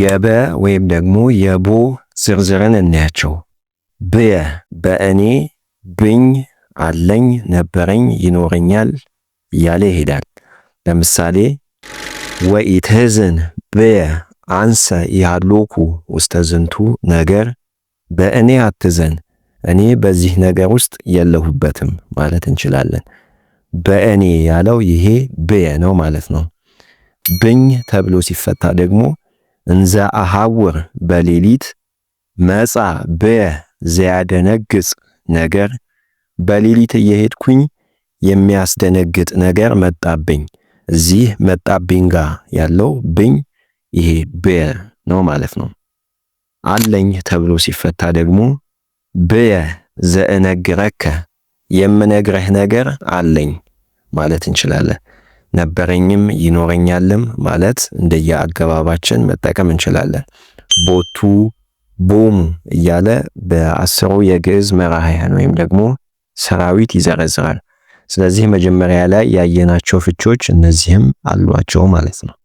የበ ወይም ደግሞ የቦ ዝርዝርን እናያቸው። በ በእኔ ብኝ፣ አለኝ፣ ነበረኝ፣ ይኖረኛል እያለ ይሄዳል። ለምሳሌ ወኢትህዝን አንሰ ያሎኩ ውስተ ዝንቱ ነገር፣ በእኔ አትዘን፣ እኔ በዚህ ነገር ውስጥ የለሁበትም ማለት እንችላለን። በእኔ ያለው ይሄ ብየ ነው ማለት ነው። ብኝ ተብሎ ሲፈታ ደግሞ እንዘ አሃውር በሌሊት መጻ ብየ ዘያደነግጽ ነገር በሌሊት እየሄድኩኝ የሚያስደነግጥ ነገር መጣብኝ። እዚህ መጣብኝ ጋ ያለው ብኝ ይሄ ብየ ነው ማለት ነው። አለኝ ተብሎ ሲፈታ ደግሞ ብየ ዘእነግረከ የምነግረህ ነገር አለኝ ማለት እንችላለን። ነበረኝም ይኖረኛልም ማለት እንደየአገባባችን መጠቀም እንችላለን። ቦቱ ቦሙ እያለ በአስሩ የግዕዝ መራሕያን ወይም ደግሞ ሰራዊት ይዘረዝራል። ስለዚህ መጀመሪያ ላይ ያየናቸው ፍቾች እነዚህም አሏቸው ማለት ነው።